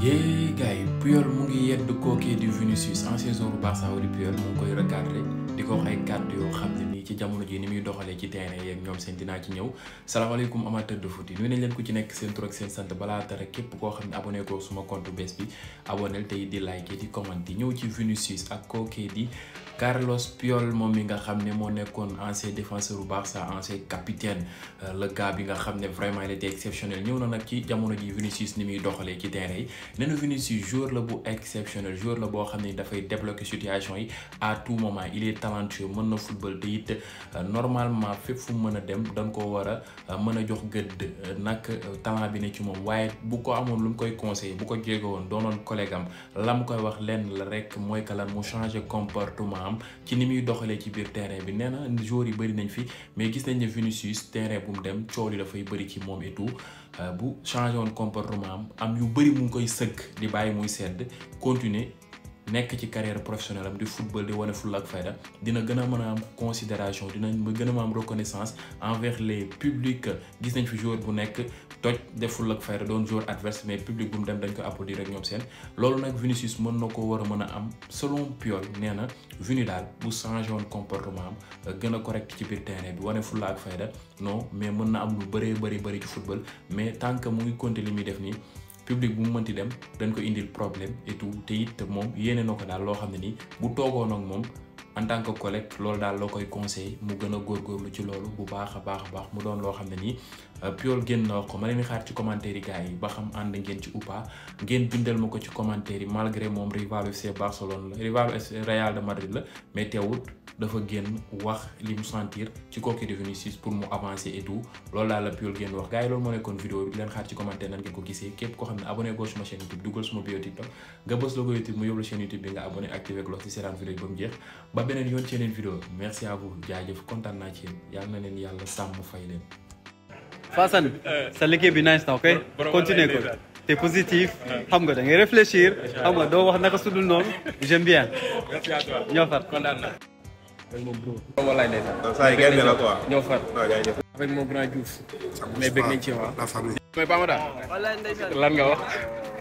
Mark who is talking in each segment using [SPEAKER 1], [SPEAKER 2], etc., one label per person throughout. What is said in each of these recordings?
[SPEAKER 1] Yeay, guys. Puyol mu ngi yedd kookee di Vinicius ancien joueur bu Barça di Puyol mu ngi koy recadré di ko wax ay kàddu yoo xam ne nii ci jamono ji ni muy di like di commenté ñëw ci Vinicius moom mi nga xam ne moo nekkoon ancien défenseur bu Barça ancien capitaine le gars bi nga xam ne vraiment il était exceptionnel ñëw na nag ci jamono ji Vinicius ni muy doxalee ci terrain yi nee na Vinicius la bu exceptionnel joueur la boo xam ne dafay débloquer situation yi à tout moment il est talentueux mën na football te it euh, normalement fépp fu mu mën a dem dañ ko war a euh, mën a jox gëdd euh, nag talent bi ne ci moom waaye bu ko amoon lu mu koy conseiller bu ko jege woon doonoon collègue am la mu koy wax lenn la rek mooy que lan mu changer comportement am ci ni muy doxalee ci biir terrain bi nee na joueurs yi bëri nañ fi mais gis nañ ne Vinicius terrain bu mu dem coow li bëri ci moom et Euh, bu changé woon comportement am am yu bëri mu ngi koy sëgg di bàyyi muy sedd continuer nekk ci carrière professionnelle am di football di wane fulla ak fayda dina gën a mën a am considération dina gën a mën a am reconnaissance envers les publics gis nañ fi joueur bu nekk toj def fulla ak fayda doon joueur adverse mais public bu mu dem dañ ko applaudir rek ñoom seen loolu nag Vinicius mën na ko war a mën a am selon Puyol nee na Vini daal bu changé woon comportement am gën a correct ci biir terrain bi wane fulla ak fayda non mais mën na am lu bëree bëri bëri ci football mais tant que mu ngi muy def nii public bu mu mënti dem dañ ko indil problème et tout te it moom yéene ko daal loo xam ne nii bu toogoon ak moom en tant que collègue loolu daal loo koy conseil mu gën a góorgóorlu ci loolu bu baax a baax a baax mu doon loo xam ne nii euh, Puyol génn na ko ma leen xaar ci commentaire yi gars yi ba xam ànd ngeen ci ou ngeen bindal ma ko ci commentaire yi malgré moom rival FC Barcelone la rival FC Real de Madrid la mais dafa génn wax li mu ci Coki de Vinicius pour mu avancer et loolu laa la Puyol génn wax gars loolu moo nekkoon vidéo bi leen xaar ci commentaire nan ngeen ko gisee képp koo xam ne abonné goo suma chaîne YouTube duggal suma bio nga bës logo YouTube mu yóbbu la YouTube bi nga abonné activé cloche ci seetaan vidéo ba mu jeex ba beneen yoon ci yeneen sa liggéey bi na ok continue ko nga da ngay réfléchir xam nga doo wax naka sudul noonu j'aime bien merci à toi avec mon bro. la quoi ñëw far. avec mais bëgg nañ ci waa. la nga wax.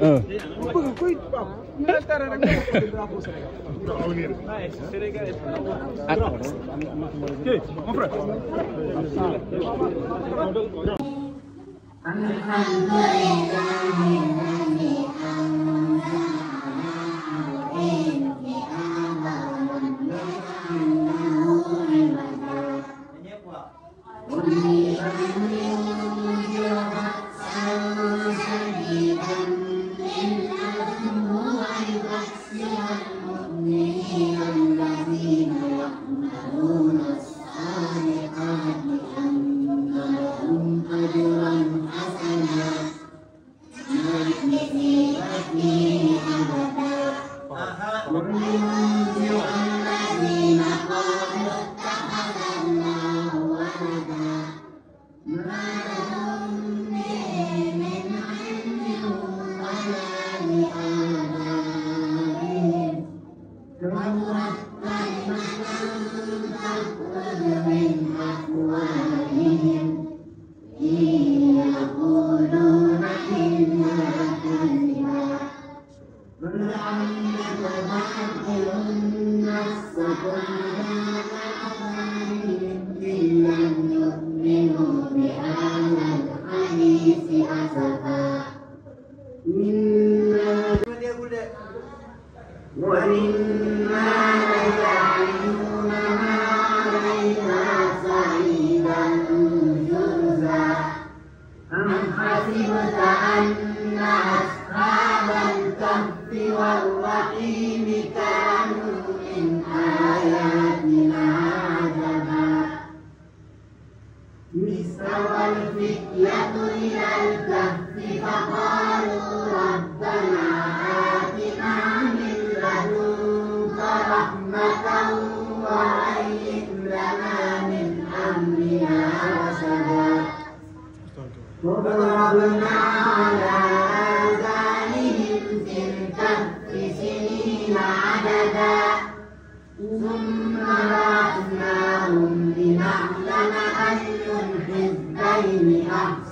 [SPEAKER 1] الحمد لله لعلك باخع نفسك على آثارهم إن لم يؤمنوا بهذا الحديث أسفا وإنا لك الرحيم كانوا من آياتنا عجبا استوى الفتية إلى الكهف فقالوا ربنا آتنا من لدنك رحمة وهيئ لنا من أمرنا رشدا وضربنا على أبدا ثم بعثناهم لنعلم أي الحزبين أحسن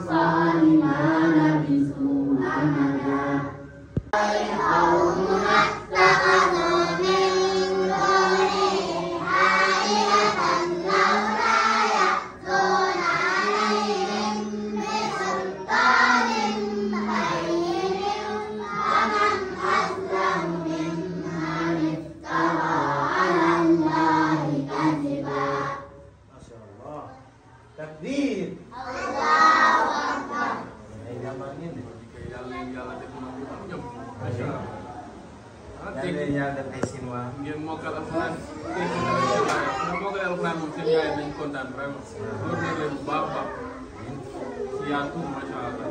[SPEAKER 1] kontaan moom seen gars yi dañu kontaan vraiment loolu mooy leen bu baax a baax si yaatu macha allah.